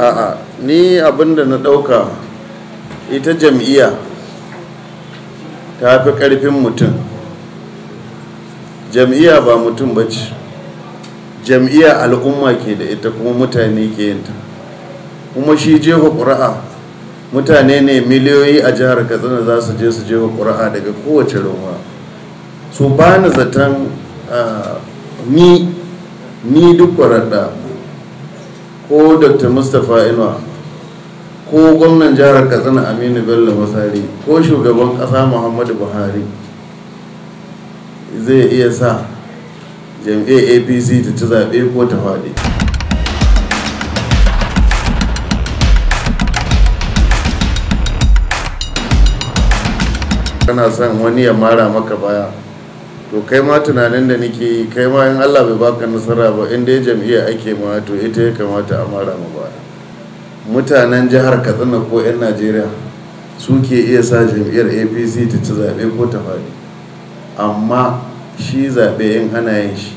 a'a ni abinda na ɗauka ita jam'iyya ta fi ƙarfin mutum jam'iyya ba mutum ba ce jam'iyya al'umma ke da ita kuma mutane ke yinta kuma shi jefa ƙura'a mutane ne miliyoyi a jihar katsina za su je su jefa ƙura'a daga kowace ruwa su ba ni zaton ah, ni duk ƙwararra ko dr mustapha inuwa ko gwamnan jihar katsina aminu bello masari ko shugaban ƙasa muhammadu buhari zai iya sa jam'iyyar apc ta ci zaɓe ko ta faɗi kana son wani ya mara maka baya to kai ma tunanin da nake yi kai ma in allah bai baka nasara ba in dai jam'iyya ake ma to ita ya kamata a mara mu ba mutanen jihar katsina ko 'yan najeriya suke iya sa jam'iyyar apc ta ci zaɓe ko ta faɗi amma shi zaɓe in ana yin shi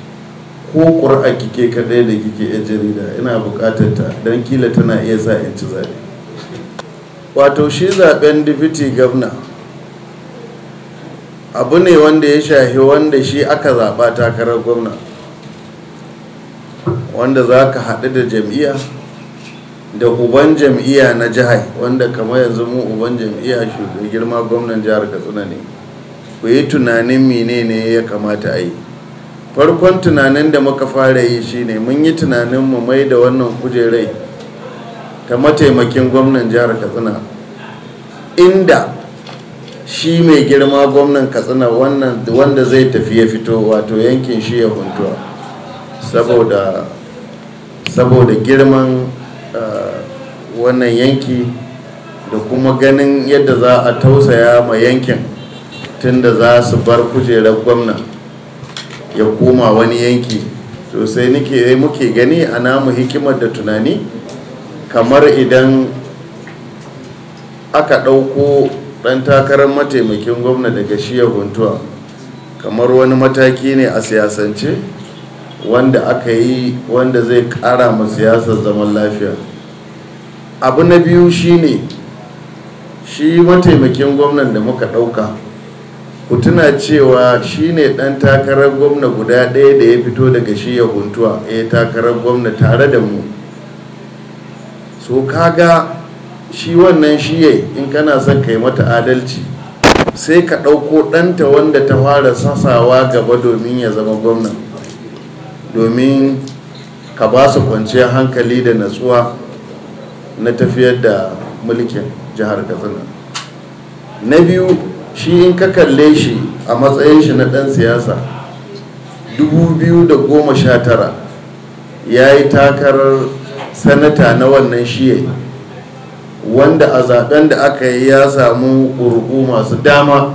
ko ƙura kike kaɗai da kike yan jarida ina buƙatar ta don kila tana iya sa in ci zaɓe wato shi zaɓen dipiti gwamna abu ne wanda ya shahi wanda shi aka zaɓa takarar gwamna wanda za ka haɗu da jam'iyya da uban jam'iyya na jihar wanda kamar yanzu mu uban jam'iyya shugaban girma gwamnan jihar katsina ne ku yi tunanin menene ya kamata a yi farkon tunanin da muka fara yi shine mun yi tunanin mu mai da wannan kujerai ta mataimakin gwamnan jihar katsina inda shi mai girma gwamnan katsina wanda zai tafi ya fito wato yankin shi ya huntuwa saboda girman ah, wannan yanki da kuma ganin yadda za a tausaya ma yankin tunda za su bar kujerar gwamnan ya koma wani yanki sosai eh, muke gani a namu hikimar da tunani kamar idan aka ɗauko ɗan takarar mataimakin gwamna daga shiya huntuwa kamar wani mataki ne a siyasance wanda aka yi wanda zai ƙara ma siyasar zaman lafiya abu na biyu shine shi mataimakin gwamnan da muka ɗauka ku tuna cewa shine ɗan takarar gwamna guda ɗaya da ya fito daga shiya huntua, ya eh, takarar gwamna tare da mu so kaga shi wannan shi yai in kana son yi mata adalci sai ka ɗauko ɗanta wanda ta fara sasawa gaba domin ya zama gwamna domin ka ba su kwanciyar hankali da natsuwa na tafiyar da mulkin jihar katsina na biyu shi in ka kalle shi a matsayin shi na ɗan siyasa 2019 ya yi takarar sanata na wannan shi yai wanda a zaben da aka yi ya samu ƙurƙu masu dama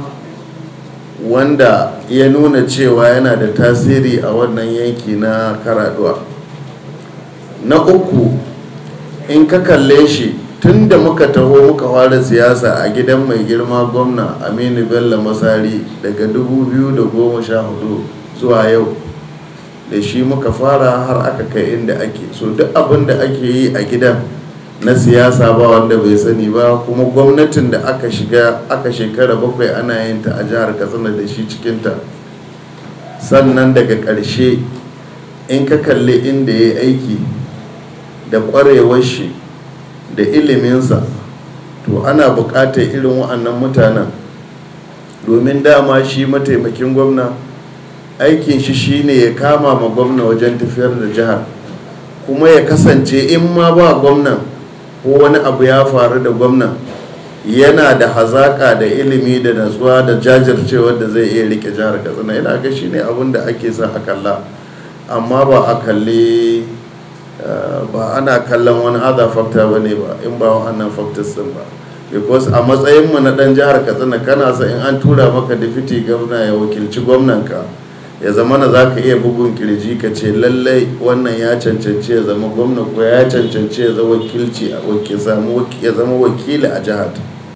wanda ya nuna cewa yana da tasiri a wannan yanki na karaduwa na uku in ka kalle shi tun da muka taho muka fara siyasa a gidan mai girma gwamna aminu bello masari daga 2014 zuwa yau da shi muka fara har aka kai inda ake so duk abin da ake yi a gidan na siyasa ba wanda bai sani ba kuma gwamnatin da aka shiga aka shekara bakwai ana yin ta a jihar katsina da shi cikinta sannan daga ƙarshe in ka kalli inda ya aiki da ƙwarewar shi da iliminsa to ana buƙatar irin wa'annan mutanen domin dama shi mataimakin gwamna aikin shi shine ya kama ma gwamna wajen tafiyar da jihar kuma ya kasance in ma ba gwamnan ko wani abu ya faru da gwamnan yana da hazaƙa da ilimi da natsuwa da jajircewar da zai iya rike jihar katsina ina ga shi ne abin da ake sa a kalla amma ba a kalli eh, ba ana kallon wani other factor ba ne ba in ba wa'annan factors din ba because a matsayinmu na ɗan jihar katsina kana sa in an tura maka deputy gwamna ya wakilci gwamnanka ya zama na za ka iya bugun kirji ka ce lallai wannan ya cancanci ya zama gwamna ko ya cancanci ya zama wakilci zama wakili a jihar